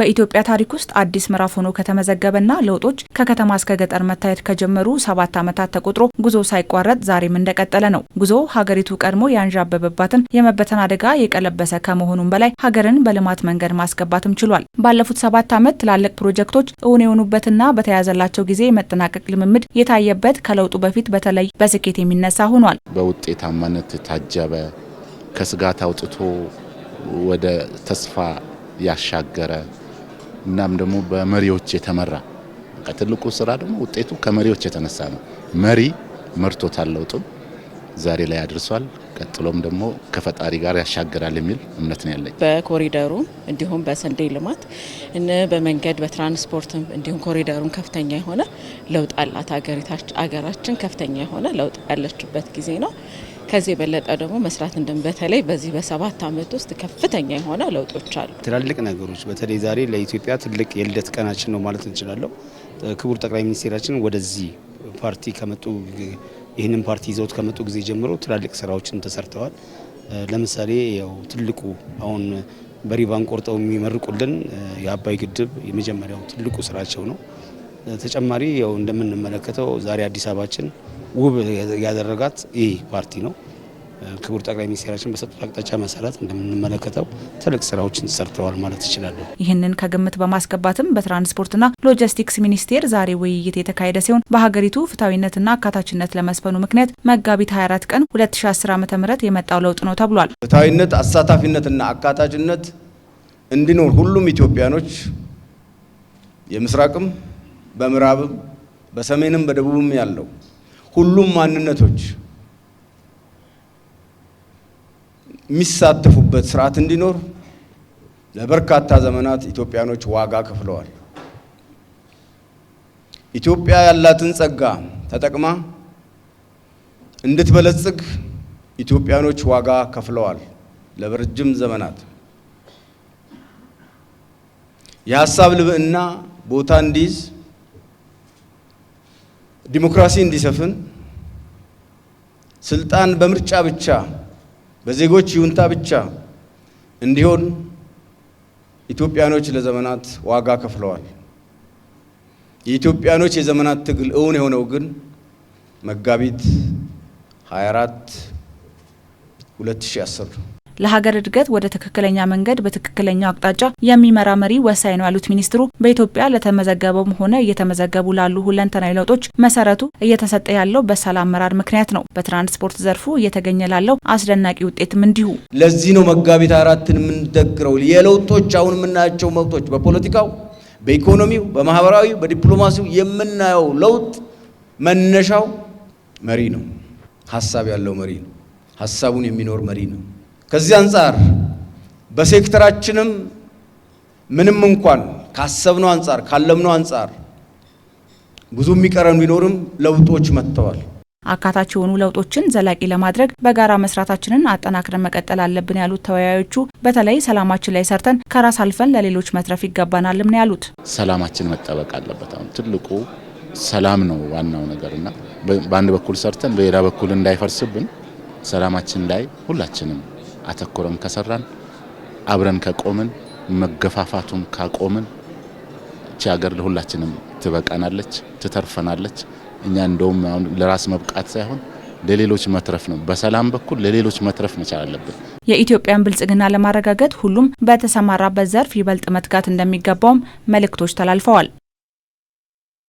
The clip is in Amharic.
በኢትዮጵያ ታሪክ ውስጥ አዲስ ምዕራፍ ሆኖ ከተመዘገበና ለውጦች ከከተማ እስከ ገጠር መታየት ከጀመሩ ሰባት ዓመታት ተቆጥሮ ጉዞ ሳይቋረጥ ዛሬም እንደቀጠለ ነው። ጉዞ ሀገሪቱ ቀድሞ ያንዣበበባትን የመበተን አደጋ የቀለበሰ ከመሆኑም በላይ ሀገርን በልማት መንገድ ማስገባትም ችሏል። ባለፉት ሰባት ዓመት ትላልቅ ፕሮጀክቶች እውን የሆኑበትና በተያዘላቸው ጊዜ የመጠናቀቅ ልምምድ የታየበት ከለውጡ በፊት በተለይ በስኬት የሚነሳ ሆኗል። በውጤታማነት የታጀበ ከስጋት አውጥቶ ወደ ተስፋ ያሻገረ እናም ደግሞ በመሪዎች የተመራ ከትልቁ ስራ ደግሞ ውጤቱ ከመሪዎች የተነሳ ነው። መሪ መርቶታል፣ ለውጡም ዛሬ ላይ አድርሷል። ቀጥሎም ደግሞ ከፈጣሪ ጋር ያሻግራል የሚል እምነት ነው ያለኝ። በኮሪደሩ እንዲሁም በስንዴ ልማት በመንገድ በትራንስፖርትም እንዲሁም ኮሪደሩን ከፍተኛ የሆነ ለውጥ አላት ከፍተኛ የሆነ ለውጥ ያለችበት ጊዜ ነው። ከዚህ የበለጠ ደግሞ መስራት እንደም በተለይ በዚህ በሰባት ዓመት ውስጥ ከፍተኛ የሆነ ለውጦች አሉ። ትላልቅ ነገሮች በተለይ ዛሬ ለኢትዮጵያ ትልቅ የልደት ቀናችን ነው ማለት እንችላለሁ። ክቡር ጠቅላይ ሚኒስቴራችን ወደዚህ ፓርቲ ከመጡ ይህንን ፓርቲ ይዘውት ከመጡ ጊዜ ጀምሮ ትላልቅ ስራዎችን ተሰርተዋል። ለምሳሌ ያው ትልቁ አሁን በሪባን ቆርጠው የሚመርቁልን የአባይ ግድብ የመጀመሪያው ትልቁ ስራቸው ነው። ተጨማሪ ያው እንደምንመለከተው ዛሬ አዲስ አበባችን ውብ ያደረጋት ይህ ፓርቲ ነው። ክቡር ጠቅላይ ሚኒስትራችን በሰጡት አቅጣጫ መሰረት እንደምንመለከተው ትልቅ ስራዎችን ሰርተዋል ማለት ይችላለሁ። ይህንን ከግምት በማስገባትም በትራንስፖርትና ሎጂስቲክስ ሚኒስቴር ዛሬ ውይይት የተካሄደ ሲሆን በሀገሪቱ ፍትሐዊነትና አካታችነት ለመስፈኑ ምክንያት መጋቢት 24 ቀን 2010 ዓ ም የመጣው ለውጥ ነው ተብሏል። ፍትሐዊነት፣ አሳታፊነትና አካታችነት እንዲኖር ሁሉም ኢትዮጵያኖች የምስራቅም፣ በምዕራብም፣ በሰሜንም በደቡብም ያለው ሁሉም ማንነቶች የሚሳተፉበት ስርዓት እንዲኖር ለበርካታ ዘመናት ኢትዮጵያኖች ዋጋ ከፍለዋል። ኢትዮጵያ ያላትን ጸጋ ተጠቅማ እንድትበለጽግ ኢትዮጵያኖች ዋጋ ከፍለዋል ለረጅም ዘመናት። የሀሳብ ልብዕና ቦታ እንዲይዝ ዲሞክራሲ እንዲሰፍን ስልጣን በምርጫ ብቻ በዜጎች ይሁንታ ብቻ እንዲሆን ኢትዮጵያኖች ለዘመናት ዋጋ ከፍለዋል። የኢትዮጵያኖች የዘመናት ትግል እውን የሆነው ግን መጋቢት 24 2010 ለሀገር እድገት ወደ ትክክለኛ መንገድ በትክክለኛው አቅጣጫ የሚመራ መሪ ወሳኝ ነው ያሉት ሚኒስትሩ በኢትዮጵያ ለተመዘገበውም ሆነ እየተመዘገቡ ላሉ ሁለንተናዊ ለውጦች መሰረቱ እየተሰጠ ያለው በሰላም አመራር ምክንያት ነው። በትራንስፖርት ዘርፉ እየተገኘ ላለው አስደናቂ ውጤትም እንዲሁ። ለዚህ ነው መጋቢት አራትን የምንደግረው። የለውጦች አሁን የምናያቸው መብቶች በፖለቲካው፣ በኢኮኖሚው፣ በማህበራዊ፣ በዲፕሎማሲው የምናየው ለውጥ መነሻው መሪ ነው። ሀሳብ ያለው መሪ ነው። ሀሳቡን የሚኖር መሪ ነው። ከዚህ አንጻር በሴክተራችንም ምንም እንኳን ካሰብነው አንጻር ካለምነው አንጻር ብዙ የሚቀረን ቢኖርም ለውጦች መጥተዋል። አካታች የሆኑ ለውጦችን ዘላቂ ለማድረግ በጋራ መስራታችንን አጠናክረን መቀጠል አለብን ያሉት ተወያዮቹ በተለይ ሰላማችን ላይ ሰርተን ከራስ አልፈን ለሌሎች መትረፍ ይገባናልም ነው ያሉት። ሰላማችን መጠበቅ አለበት። አሁን ትልቁ ሰላም ነው ዋናው ነገር በአንድ በኩል ሰርተን በሌላ በኩል እንዳይፈርስብን ሰላማችን ላይ ሁላችንም አተኩረን ከሰራን አብረን ከቆምን መገፋፋቱን ካቆምን እቺ ሀገር ለሁላችንም ትበቃናለች፣ ትተርፈናለች። እኛ እንደውም አሁን ለራስ መብቃት ሳይሆን ለሌሎች መትረፍ ነው። በሰላም በኩል ለሌሎች መትረፍ መቻል አለብን። የኢትዮጵያን ብልጽግና ለማረጋገጥ ሁሉም በተሰማራበት ዘርፍ ይበልጥ መትጋት እንደሚገባውም መልእክቶች ተላልፈዋል።